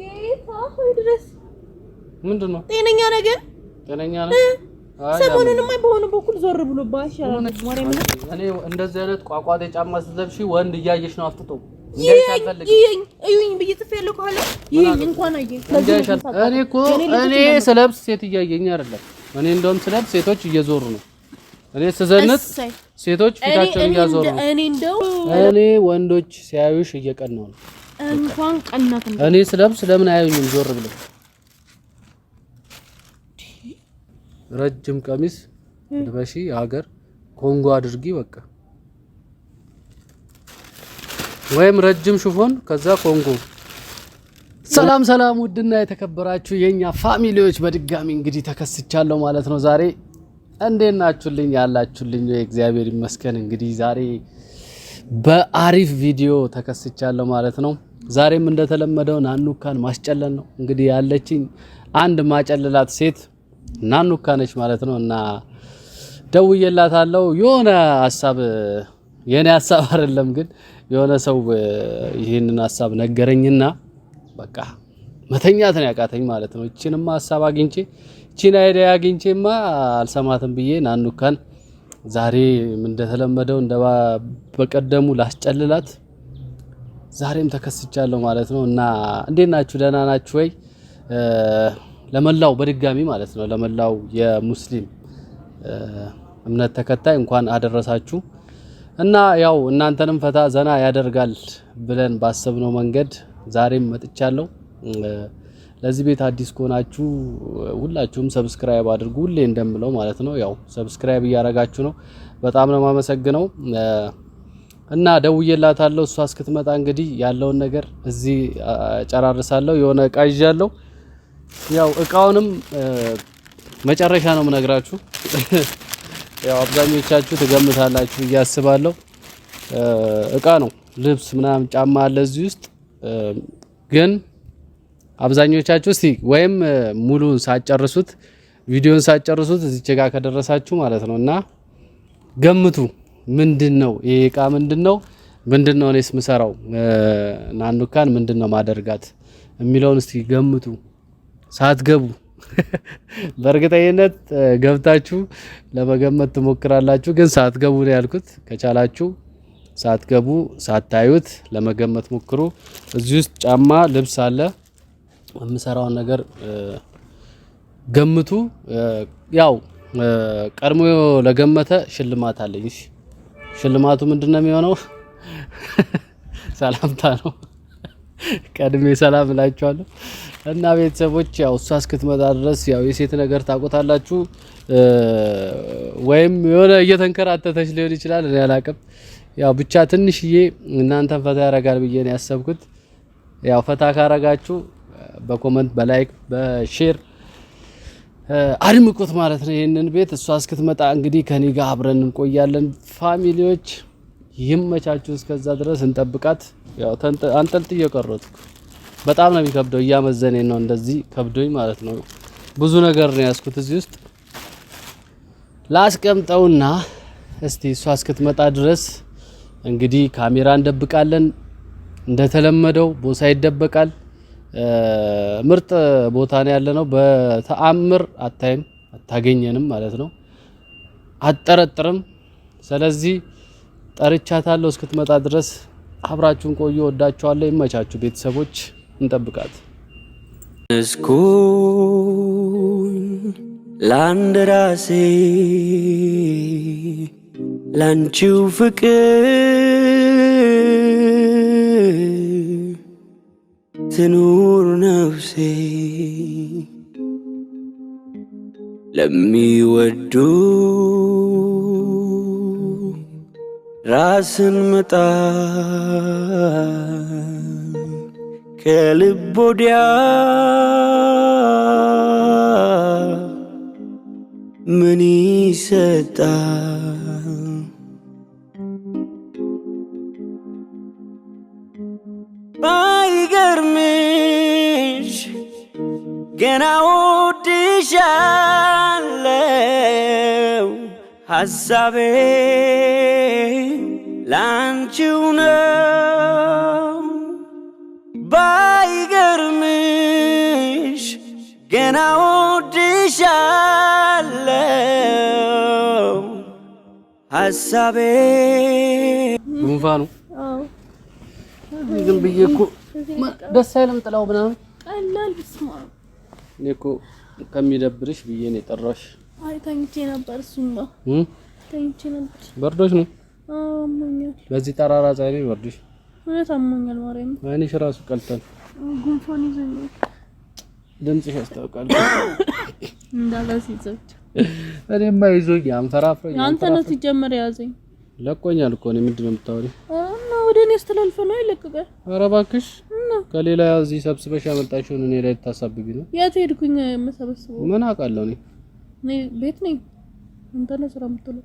ጌታ ሆይ ድረስ ምንድን ነው? ጤነኛ ነገር ጤነኛ ነው። ሰሞኑንማ በሆነ በኩል ዞር ብሎ እኔ እንደዚህ አይነት ቋቋጤ ጫማ ስትለብሺ ወንድ እያየሽ ነው አፍጥጦ እኔ እኮ እኔ ስለብስ ሴት እያየኝ አይደለም። እኔ እንደውም ስለብስ ሴቶች እየዞሩ ነው። እኔ ስዘንጥ ሴቶች ፊታቸውን እያዞሩ ነው። እኔ ወንዶች ሲያዩሽ እየቀናው ነው እንኳን ቀናት እኔ ስለብስ ለምን አያዩኝም? ዞር ብለው ረጅም ቀሚስ ልበሺ ሀገር ኮንጎ አድርጊ በቃ ወይም ረጅም ሽፎን ከዛ ኮንጎ። ሰላም ሰላም፣ ውድና የተከበራችሁ የኛ ፋሚሊዎች በድጋሚ እንግዲህ ተከስቻለሁ ማለት ነው። ዛሬ እንዴት ናችሁልኝ? ያላችሁልኝ እግዚአብሔር ይመስገን። እንግዲህ ዛሬ በአሪፍ ቪዲዮ ተከስቻለሁ ማለት ነው። ዛሬም እንደተለመደው ናኑካን ማስጨለል ነው። እንግዲህ ያለችኝ አንድ ማጨለላት ሴት ናኑካ ነች ማለት ነው እና ደውዬላታለሁ። የሆነ ሀሳብ የኔ ሀሳብ አይደለም ግን የሆነ ሰው ይህንን ሀሳብ ነገረኝና በቃ መተኛት ነው ያቃተኝ ማለት ነው። እቺንማ ሀሳብ አግኝቼ እቺን አይዲያ አግኝቼማ አልሰማትም ብዬ ናኑካን ዛሬ እንደተለመደው እንደ በቀደሙ ላስጨልላት ዛሬም ተከስቻለሁ ማለት ነው። እና እንዴት ናችሁ? ደህና ናችሁ ወይ? ለመላው በድጋሚ ማለት ነው ለመላው የሙስሊም እምነት ተከታይ እንኳን አደረሳችሁ። እና ያው እናንተንም ፈታ ዘና ያደርጋል ብለን ባሰብነው መንገድ ዛሬም መጥቻለሁ። ለዚህ ቤት አዲስ ከሆናችሁ ሁላችሁም ሰብስክራይብ አድርጉ። ሁሌ እንደምለው ማለት ነው ያው ሰብስክራይብ እያረጋችሁ ነው። በጣም ነው የማመሰግነው። እና ደውዬላታለሁ። እሷ እስክትመጣ እንግዲህ ያለውን ነገር እዚህ ጨራርሳለሁ። የሆነ እቃ ይዣለሁ። ያው እቃውንም መጨረሻ ነው የምነግራችሁ። ያው አብዛኞቻችሁ ትገምታላችሁ ብዬ አስባለሁ። እቃ ነው ልብስ ምናምን ጫማ አለ እዚህ ውስጥ ግን አብዛኞቻችሁ እስቲ ወይም ሙሉን ሳጨርሱት ቪዲዮን ሳጨርሱት እዚች ጋር ከደረሳችሁ ማለት ነው እና ገምቱ። ምንድን ነው ይሄ እቃ ምንድን ነው? ምንድን ነው እኔስ ምሰራው ናኑካን ምንድን ነው ማደርጋት የሚለውን እስቲ ገምቱ ሳትገቡ በእርግጠኝነት ገብታችሁ ለመገመት ትሞክራላችሁ፣ ግን ሳትገቡ ነው ያልኩት። ከቻላችሁ ሳትገቡ ሳታዩት ለመገመት ሞክሩ። እዚህ ውስጥ ጫማ፣ ልብስ አለ። የምሰራውን ነገር ገምቱ። ያው ቀድሞ ለገመተ ሽልማት አለኝ። ሽልማቱ ምንድነው የሚሆነው? ሰላምታ ነው። ቀድሜ ሰላም እላችኋለሁ እና ቤተሰቦች፣ ያው እሷ እስክትመጣ ድረስ ያው የሴት ነገር ታቆታላችሁ፣ ወይም የሆነ እየተንከራተተች ሊሆን ይችላል። እኔ አላቅም። ያው ብቻ ትንሽዬ እናንተን ፈታ ያረጋል ብዬ ነው ያሰብኩት። ያው ፈታ ካረጋችሁ በኮመንት በላይክ በሼር አድምቁት ማለት ነው። ይህንን ቤት እሷ እስክትመጣ እንግዲህ ከኔ ጋር አብረን እንቆያለን። ፋሚሊዎች ይመቻችሁ። እስከዛ ድረስ እንጠብቃት። ያው አንጠልጥዬ ቀረጥኩ። በጣም ነው የሚከብደው። እያመዘኔ ነው እንደዚህ ከብዶኝ ማለት ነው። ብዙ ነገር ነው ያስኩት እዚህ ውስጥ ላስቀምጠውና እስቲ እሷ እስክትመጣ ድረስ እንግዲህ ካሜራ እንደብቃለን። እንደተለመደው ቦሳ ይደበቃል። ምርጥ ቦታ ነው ያለነው። በተአምር አታይም አታገኘንም ማለት ነው። አጠረጥርም። ስለዚህ ጠርቻታለሁ። እስክትመጣ ድረስ አብራችሁን ቆዩ። ወዳችኋለሁ። ይመቻችሁ ቤተሰቦች። እንጠብቃት እስኩኝ ለአንድ ራሴ ላንቺው ፍቅር ትኑር ነፍሴ ለሚወዱ ራስን መጣል ከልብ ወዲያ ምን ይሰጣል? ግርምሽ ገና ውድሻለው ሀሳቤ ላንቺው ነው ባይገርምሽ ገና ውድሻለው ሀሳቤ ጉንፋኑ ግን ብዬ እኮ ደስ አይልም ጥላው ምናምን ቀላል ብስማ እኔ እኮ ከሚደብርሽ ብዬ ነው የጠራሽ። አይ ተኝቼ ነበር። እሱማ ተኝቼ ነበር። በርዶሽ ነው? አሞኛል። በዚህ ጠራራ ፀሐይ ነው በርዶሽ? እውነት አሞኛል። ማርያም አይንሽ ራሱ ቀልቷል። ጉንፋን ይዘኛል። ድምፅሽ ያስታውቃል። እንዳላስ እኔማ ይዞኝ አንፈራፍሮኝ። አንተ ነው ሲጀመር የያዘኝ። ለቆኛል እኮ ነው። ምንድን ነው የምታወሪው? ወደ እኔ ስትላልፈ ነው ይለቀቀ። ኧረ እባክሽ ከሌላ እዚህ ሰብስበሽ ያመጣሽውን እኔ ላይ ልታሳብቢ ነው? የት ሄድኩኝ? የምሰበስበው ምን አውቃለሁ እኔ እኔ ቤት ነኝ። አንተ ነው ስራ የምትውለው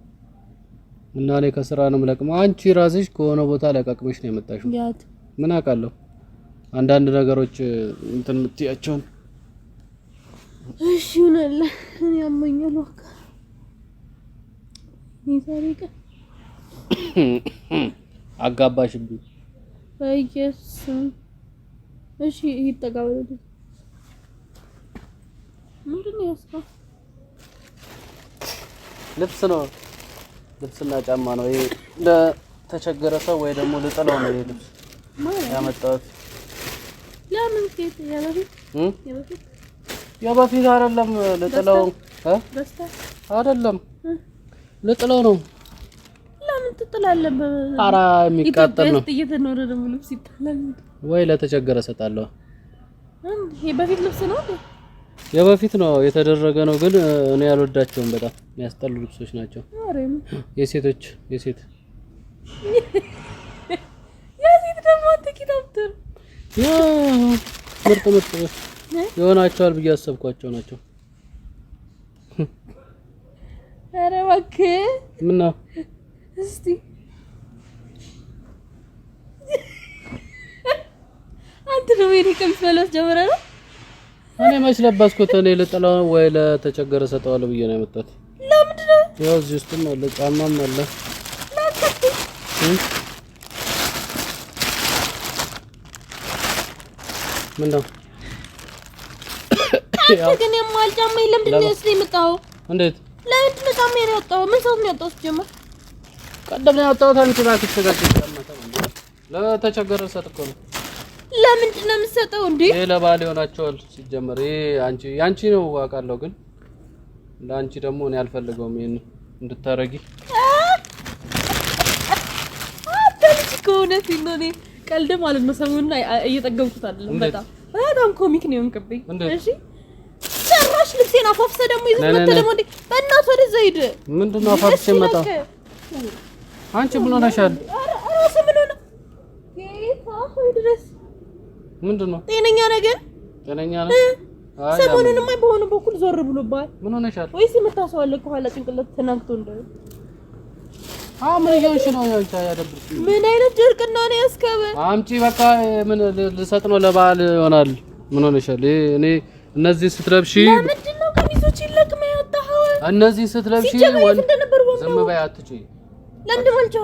እና እኔ ከስራ ነው የምለቅመው። አንቺ ራስሽ ከሆነ ቦታ ለቀቅመሽ ነው የመጣሽው። የት ምን አውቃለሁ። አንዳንድ ነገሮች እንትን የምትያቸውን እሺ ይሆናል። እኔ አሞኛል በቃ አጋባሽ እንዴ? በኢየሱስ እሺ፣ ይጠጋው ምንድን ነው ያስከው? ልብስ ነው፣ ልብስና ጫማ ነው። ይሄ ለተቸገረ ሰው ወይ ደግሞ ልጥለው ነው። ይሄ ልብስ ያመጣሁት ለምን ኬት የበፊት የበፊት የበፊት አይደለም፣ ልጥለው አይደለም፣ ልጥለው ነው ትጥላለህ። ኧረ የሚቃጠል ነው እየተኖረ ደግሞ ልብስ ይጣላል ወይ? ለተቸገረ እሰጣለሁ። በፊት ልብስ ነው የበፊት ነው የተደረገ ነው። ግን እኔ ያልወዳቸውም በጣም የሚያስጠሉ ልብሶች ናቸው። የሴቶች የሴት የሴት ደግሞ አትኪታብትር ምርጥ ምርጥ ይሆናቸዋል ብዬ አሰብኳቸው ናቸው። ኧረ እባክህ ምነው እስቲ አንተ ነው የኔ ቀሚስ መልበስ ጀምረ ነው። እኔ መች ለባስኩት? እኔ ለጥላው ወይ ለተቸገረ ሰጠዋለሁ ብዬ ነው ያመጣት። ለምንድን ነው ያው እዚህ ውስጥም አለ ጫማም አለ ምን አንተ ግን የማል ጫማ የለም። ለምንድን ነው ያመጣኸው? እንዴት ለምንድን ነው ጫማ ያወጣኸው? ምን ሰው ነው ያወጣው ጀምር ቀደም ላይ ያወጣሁት አንቺ እባክሽ ለተቸገረ ሰጥ እኮ ነው። ለምንድን ነው የምትሰጠው እንዴ? ይሄ ለባል ይሆናቸዋል። ሲጀመር ይሄ አንቺ ያንቺ ነው አውቃለሁ፣ ግን ለአንቺ ደግሞ እኔ አልፈልገውም ይሄን እንድታረጊ ከእውነት ነው። እኔ ቀልድ ማለት ነው። ሰሞኑን እየጠገብኩት አይደለም። በጣም በጣም ኮሚክ ነው የሆንክብኝ። እሺ ጭራሽ ልብሴን አፋፍሰህ ደግሞ ይዘህ መተህ ደግሞ እንደ በእናትህ ወደዛ ሂድ። ምንድን ነው አንቺ ምን ሆነሻል? ራሱ ምን ሆነ? ጌታ ሆይ ድረስ ምንድን ነው? ጤነኛ ነገር ጤነኛ ነው። ሰሞኑንማ በሆነ በኩል ዞር ብሎባል። ምን ሆነሻል? ወይስ የምታሰው አለ ከኋላ ጭንቅላት ተናግቶ እንደው ምን እያልሽ ነው? ምን አይነት ድርቅና ነው ያስከበ አምጪ በቃ ምን ልሰጥ ነው? ለበዓል ይሆናል። ምን ሆነሻል? እኔ እነዚህ ስትለብሺ ለምንድን ነው ከሚሶች ይለቅ ነው ያወጣኸው? እነዚህ ስትለብሺ ዝም በይ አትጪ ለምንድን ወልጆ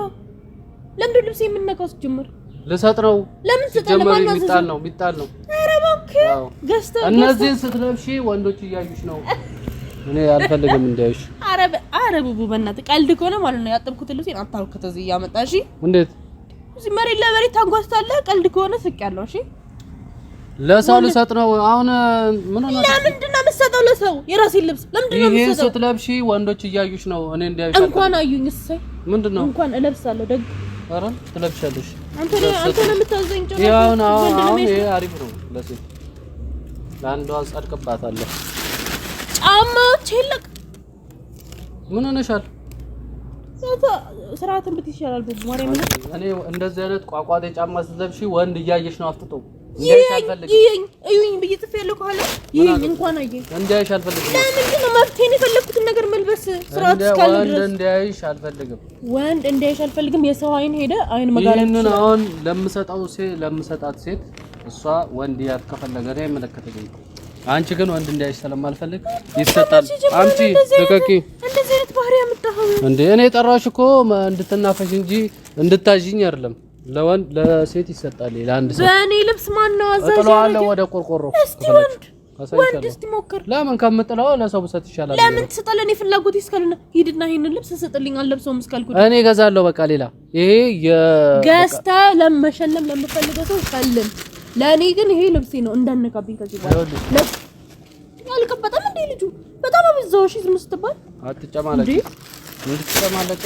ለምንድን ልብስ የምነካው ስትጀምር ልሰጥ ነው። ለምን ስጠን? የሚጣል ነው የሚጣል ነው። ኧረ እባክህ ገዝተህ እነዚህን ስትለብሺ ወንዶች እያዩሽ ነው። እኔ አልፈልግም እንዳይሽ። አረብ አረብ ቡቡ፣ በእናትህ ቀልድ ከሆነ ማለት ነው ያጠብኩትን ልብሴን አታውክተህ እዚህ እያመጣህ። እሺ እንዴት እዚህ መሬት ለመሬት ታንጓስታለህ? ቀልድ ከሆነ ስቅ ያለው እሺ ለሰው ልሰጥ ነው አሁን። ምን ሆነ? ለምንድን ነው የምትሰጠው ለሰው? የራሴን ልብስ ለምንድን ነው የምትሰጠው? ይሄን ስትለብሺ ወንዶች እያዩሽ ነው። እኔ እንዲያዩሽ እንኳን አዩኝ። እሰይ ምንድን ነው እንኳን እለብሳለሁ። ደግ ኧረ ትለብሻለሽ። አንተ አንተ ነው የምታዘኝ። ጨው ያው ነው። አሁን ይሄ አሪፍ ነው ለሴት ለአንዷ ጸድቅባታለሁ። ጫማዎች ይልቅ ምን ሆነሻል? ስርዓትን ብትይሻላል። ቡቡ ማርያም፣ እኔ እንደዚህ አይነት ቋቋቴ ጫማ ስትለብሺ ወንድ እያየሽ ነው አፍጥጦ ይኸኝ አልፈልግም። ነገር መልበስ አልፈልግም። ወንድ አልፈልግም። የሰው አይን ሄደ አይን አሁን ለምሰጠው ለምሰጣት ሴት እሷ ወንድ ያት ከፈለገ ነው አይመለከተኝም። አንቺ ግን ወንድ እንዳይሽ ስለማልፈልግ ይሰጣል። አንቺ ተቀቂ እንደዚህ አይነት ባህሪ ያመጣኸው እንዴ? እኔ ጠራሽ እኮ እንድትናፈሽ እንጂ እንድታዥኝ አይደለም። ለወንድ ለሴት ይሰጣል። ለአንድ ሰው በእኔ ልብስ ማን ነው አዛዥ? እጥለዋለሁ ወደ ቆርቆሮ። እስቲ ወንድ ወንድ እስቲ ሞክር። ለምን ከምጥለው ለሰው ብሰጥ ይሻላል። ለምን ትሰጣለህ? እኔ ፍላጎት ይስከልና ሂድና ይሄን ልብስ ስጥልኝ፣ አልለብሰውም እስካልኩ እኔ እገዛለሁ። በቃ ሌላ ይሄ የገዝተህ ለመሸለም ለምፈልገው ሰው ሸልም። ለእኔ ግን ይሄ ልብሴ ነው፣ እንዳነካብኝ ከዚህ በኋላ ያልከበጣም እንዴ ልጁ በጣም አብዛው። እሺ ስትባል አትጨማለች እንድትጨማለቀ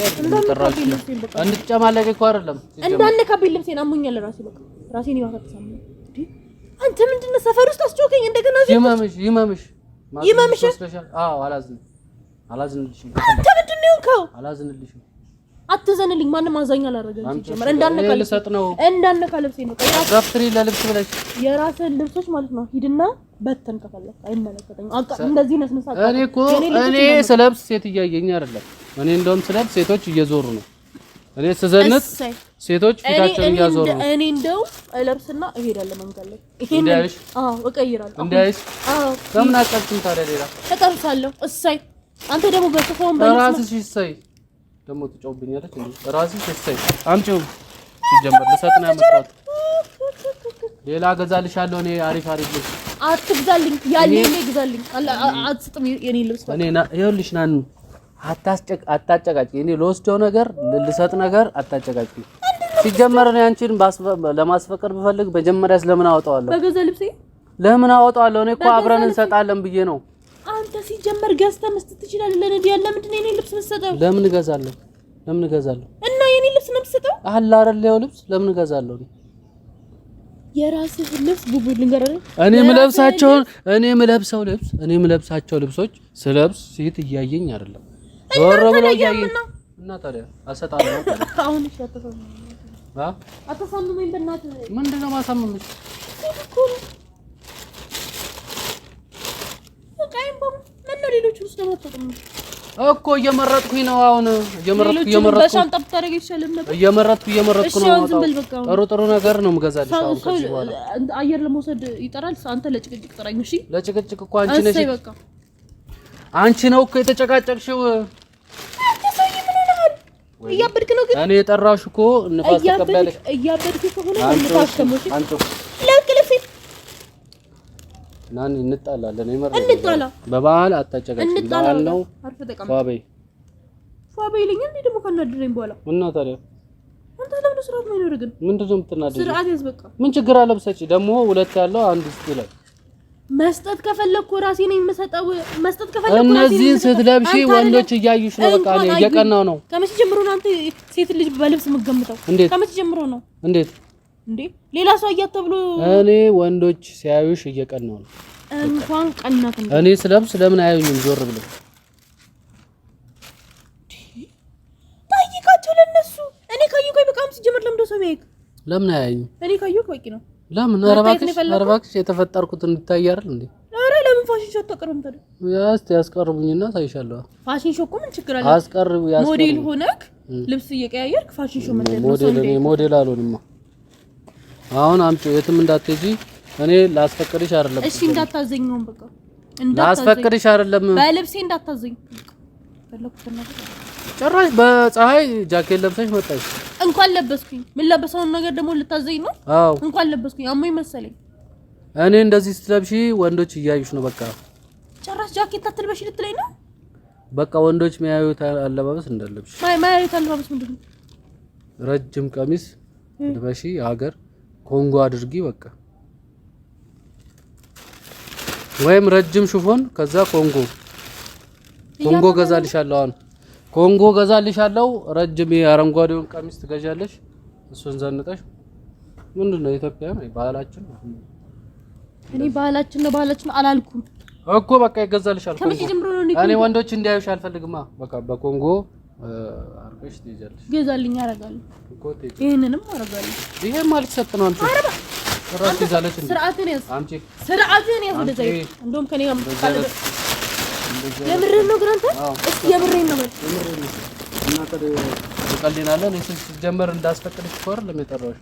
እንድትጨማለቀ እኮ አይደለም እንዳነካብኝ ልብሴን አሞኛል። ራሴ በቃ ራሴን ይባከተሳም አንተ ምንድን ነው ሰፈር ውስጥ አስጮከኝ። እንደገና ይመምሽ ይመምሽ ይመምሽ። አዎ አላዝን አላዝንልሽም። አንተ ምንድን ነው የሆንከው? አላዝንልሽም አትዘንልኝ። ማንም አዛኛ አላደረገኝ። ሲጀመር እንዳነካ ልብስ ነው እንዳነካ ልብስ ነው። ራፍትሪ ለልብስ ብለሽ የራስህን ልብሶች ማለት ነው ሂድና በተን ከፈለክ አይመለከተኝም። አቃ እንደዚህ ነስ ነሳ። እኔ እኮ እኔ ስለብስ ሴት እያየኝ አይደለም። እኔ እንደውም ስለብስ ሴቶች እየዞሩ ነው። እኔ ስዘንጥ ሴቶች ፊታቸውን እያዞሩ ነው። እኔ እንደው እለብስና እሄዳለሁ መንገድ ላይ ይሄን አዎ እቀይራለሁ። እንዳይሽ አዎ ከምን አቀጥም ታዲያ ሌላ ተቀርጻለሁ። እሰይ አንተ ደግሞ በጽፎን በራስሽ እሰይ ደግሞ ትጫውብኛለች እንዴ? ራስሽ እሰይ አምጪው። ሲጀመር ልሰጥ ነው ያመጣሁት። ሌላ እገዛልሻለሁ እኔ አሪፍ አሪፍ ልብስ። አትግዛልኝ፣ ያለኝ እኔ ግዛልኝ። አትስጥም የኔ ልብስ እኔ ና ይኸውልሽ፣ ናን አታስጨቅ አታጨቃጭ። እኔ ለወስደው ነገር ልሰጥ ነገር አታጨቃጭ። ሲጀመር እኔ አንቺን ለማስፈቀድ ብፈልግ መጀመሪያ ስለምን አወጣዋለሁ? በገዛ ልብሴ ለምን አወጣዋለሁ? እኔ እኮ አብረን እንሰጣለን ብዬ ነው አንተ ሲጀመር ገዝተህ መስጠት ትችላለህ ለነዲያ። ለምንድን ነው የኔ ልብስ የምትሰጠው? ለምን እገዛለሁ? ለምን እገዛለሁ? እና የኔ ልብስ ነው የምትሰጠው? አለ አይደል? ያው ልብስ ለምን እገዛለሁ? የራስህ ልብስ ቡቡ ልንገርህ፣ እኔ የምለብሳቸው እኔ የምለብሰው ልብስ እኔ የምለብሳቸው ልብሶች ስለብስ ሴት እያየኝ አይደለም ወሮ ብሎ እያየኝ እና ታዲያ አሰጣለሁ። አሁን እሺ፣ አታሳምመኝ በእናትህ። ምንድን ነው ማሳመምሽ? እኮ እየመረጥኩኝ ነው። አሁን እየመረጥኩ እየመረጥኩ እየመረጥኩ እየመረጥኩ ነው። ጥሩ ጥሩ ነገር ነው የምገዛልሽ። አሁን ከዚህ በኋላ አየር ለመውሰድ ይጠራል። አንተ ለጭቅጭቅ ጥራኝ። እሺ፣ ለጭቅጭቅ እኮ አንቺ ነሽ። አንቺ ነው እኮ የተጨቃጨቅሽው። እያበድክ ነው ግን እኔ የጠራሽ እኮ ንፋስ ተቀበለሽ። እያበድክ ከሆነ ንፋስ ተሞሽ ናን እንጣላለን። ይመረ እንጣላ በበዓል አታጨቃጭ በዓል ነው። አርፈ ተቀመጥ ፏበይ ፏበይ ልኝ እንዴ ደግሞ ካናደረኝ በኋላ እና ታዲያ አንተ ለምን ስርዓት ማይኖር ግን ምንድን ነው የምትናደደው? ስርዓት ያዝበቃ ምን ችግር አለ? ብሰጪ ደግሞ ሁለት ያለው አንድ ስቲ ላይ መስጠት ከፈለኩ ራሴ ነኝ የምሰጠው። መስጠት ከፈለኩ እነዚህን ስትለብሺ ወንዶች እያዩሽ ነው። በቃ እኔ እየቀናው ነው። ከመቼ ጀምሮ ነው አንተ ሴት ልጅ በልብስ የምትገምተው? እንዴት ከመቼ ጀምሮ ነው? እንዴት እንዴ ሌላ ሰው አያት ተብሎ እኔ ወንዶች ሲያዩሽ እየቀናው ነው። እንኳን ቀናት እኔ ስለም ስለምን አያዩኝም? ዞር ብለው ጠይቃቸው ለነሱ። እኔ ካየሁ ቆይ በቃም ሲጀምር ለምዶ ሰው ይሄክ ለምን አያዩኝ? እኔ ካየሁ ቆይ ነው ለምን ኧረ እባክሽ ኧረ እባክሽ የተፈጠርኩት እንድታይ አይደል እንዴ? ፋሽን ያስ ያስቀርቡኝና ታይሻለሁ። ፋሽን ሾው እኮ ምን ችግር አለ? አስቀርቡ ያስቀርቡ ሞዴል ሆነክ ልብስ እየቀያየርክ ፋሽን ሾው መደረግ ነው። ሞዴል እኔ ሞዴል አልሆንማ አሁን አምጪው፣ የትም እንዳትሄጂ። እኔ ላስፈቅድሽ አይደለም። እሺ፣ እንዳታዘኝ በቃ። ላስፈቅድሽ አይደለም። በልብሴ እንዳታዘኝ። ጭራሽ በፀሐይ ጃኬት ለብሰሽ መጣሽ። እንኳን ለበስኩኝ። ምን ለበሰውን ነገር ደግሞ ልታዘኝ ነው? አዎ፣ እንኳን ለበስኩኝ። አሞኝ መሰለኝ። እኔ እንደዚህ ስትለብሺ ወንዶች እያዩሽ ነው። በቃ ጭራሽ ጃኬት አትልበሽ ልትለኝ ነው? በቃ ወንዶች የሚያዩት አለባበስ እንዳለብሽ። ማያዩት አለባበስ ምንድን ነው? ረጅም ቀሚስ ልበሺ ሀገር ኮንጎ አድርጊ በቃ ወይም ረጅም ሽፎን ከዛ ኮንጎ ኮንጎ ገዛልሻለሁ። አሁን ኮንጎ ገዛልሻለሁ። ረጅም የአረንጓዴውን ቀሚስ ትገዣለሽ። እሱን ዘንጠሽ ምንድን ነው ኢትዮጵያ ነው ባህላችን። እኔ ባህላችን ነው ባህላችን አላልኩም እኮ በቃ ይገዛልሻል። እኔ ወንዶች እንዲያዩሽ አልፈልግማ። በቃ በኮንጎ አርገሽ ትይዛለሽ። ገዛልኝ አደርጋለሁ። ይሄንንም አደርጋለሁ። ይሄ ማለት ነው። አንቺ ስርዓትን ያዝ። እንደዛ እንደውም ከኔ ጋር የምትቃለበት የምሬን ነው። ግን አንተ እስኪ የምሬን ነው በል እና ትቀልናለህ። እኔ ስትጀመር እንዳስፈቅድሽ እኮ አይደለም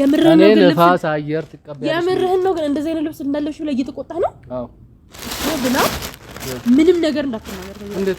የምርህን ነው ግን አየር ትቀበያለሽ። የምርህን ነው ግን እንደዚህ አይነት ልብስ እንዳለብሽ ብለህ እየተቆጣህ ነው። አዎ ብላ ምንም ነገር እንዳትናገር። እንዴት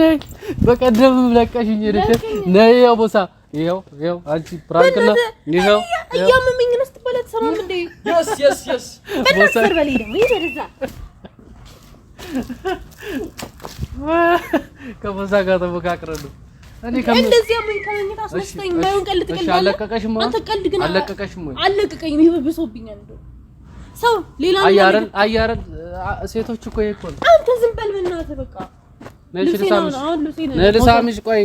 ነይ በቀደም ለቀሽኝ ሄደሽ ነይ ቦሳ ይኸው ይኸው አንቺ ፕራንክ ነው። ይኸው እያመመኝ ነው ስትባል አትሰማም እንዴ? የስ የስ የስ ቦሳ በለኝ ደግሞ ይሄ ደዛ ከቦሳ ጋር ተመካክረን ነው ሴቶች እኮ ይሄ እኮ ነው። አንተ ዝም በል በእናትህ በቃ ልሳምሽ። ቆይ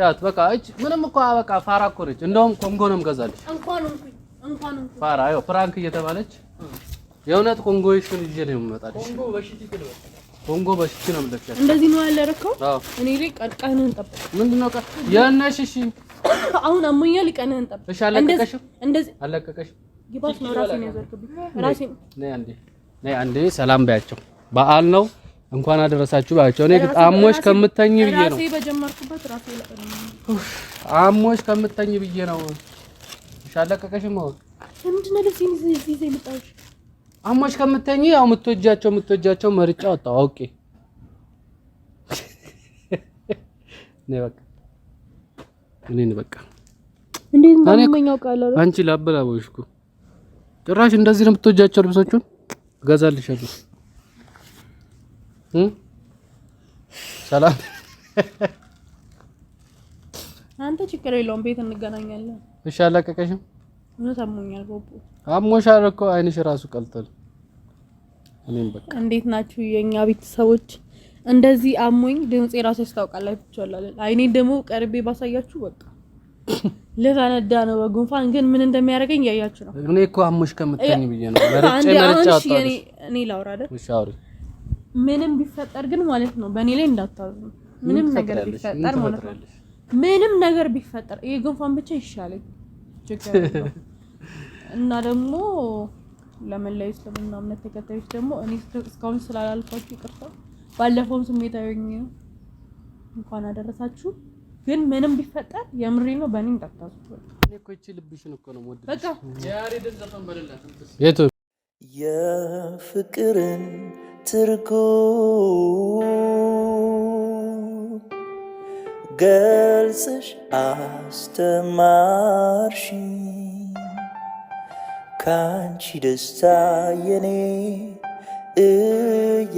ያት በቃ እጅ ምንም እኮ በቃ ፋራ እኮ ነች። እንደውም ኮንጎ ነው የምገዛልሽ። ፋራ ያው ፍራንክ እየተባለች የእውነት ኮንጎ ይሽን ይዤ ነው የምመጣልሽ። ኮንጎ በሽቲ ነው የምልሽ። እንደዚህ ነው ያለ እኔ ላይ ቀንህን ጠብቅ። ምንድን ነው የእነሽ? እሺ አሁን አሞኛል። ቀንህን ጠብቅ እሺ። አለቀቀሽም? እንደዚህ አለቀቀሽም። ይባስ ነው ራሴን ያዘርክብኝ። ራሴን ነይ አንዴ፣ ነይ አንዴ ሰላም በያቸው። በዓል ነው። እንኳን አደረሳችሁ ባቸው። እኔ አሞሽ ከምተኝ ብዬ ነው አሞሽ ከምተኝ ብዬ ነው። ሻለቀቀሽ ሻለቀቀሽም አሁን አሞሽ ከምተኝ ያው የምትወጃቸው የምትወጃቸው መርጫ ወጣው አውቄ ነው በቃ እኔን በቃ እንዴት እንደምመኛው ቃል አለ አንቺ ላበላቦሽ እኮ ጭራሽ እንደዚህ ነው የምትወጃቸው ልብሶቹን እገዛልሻለሁ። ሰላም አንተ ችግር የለውም፣ ቤት እንገናኛለን። እሺ አላቀቀሽም? እውነት አሞኛል። ቦቦ አሞሻል እኮ አይንሽ ራሱ ቀልጥል። እኔም በቃ እንዴት ናችሁ የኛ ቤተሰቦች? እንደዚህ አሞኝ ድምፄ ራሱ ያስታውቃል። አይቻላል። አይኔን ደግሞ ቀርቤ ባሳያችሁ በቃ ልፈነዳ ነው በጉንፋን ግን ምን እንደሚያደርገኝ እያያችሁ ነው። እኔ እኮ አሞሽ ከምትተኝ ብዬ ነው። እኔ ላውራ አይደል? እሺ አውሪ ምንም ቢፈጠር ግን ማለት ነው በእኔ ላይ እንዳታዝኑ። ምንም ነገር ቢፈጠር ማለት ነው ምንም ነገር ቢፈጠር ይሄ ጉንፋን ብቻ ይሻለኝ እና ደግሞ ለመላው እስልምና እምነት ተከታዮች ደግሞ እኔ እስካሁን ስላላልኳችሁ ይቅርታ። ባለፈውም ስሜታዊ እንኳን አደረሳችሁ። ግን ምንም ቢፈጠር የምሬ ነው በእኔ እንዳታዝኑ። የፍቅርን ትርጉም ገልጽሽ አስተማርሽ ካንቺ ደስታ የኔ እያስቀድምሽልን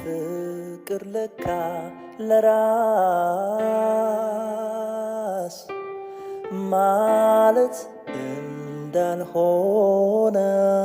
ፍቅር ለካ ለራስ ማለት dan hona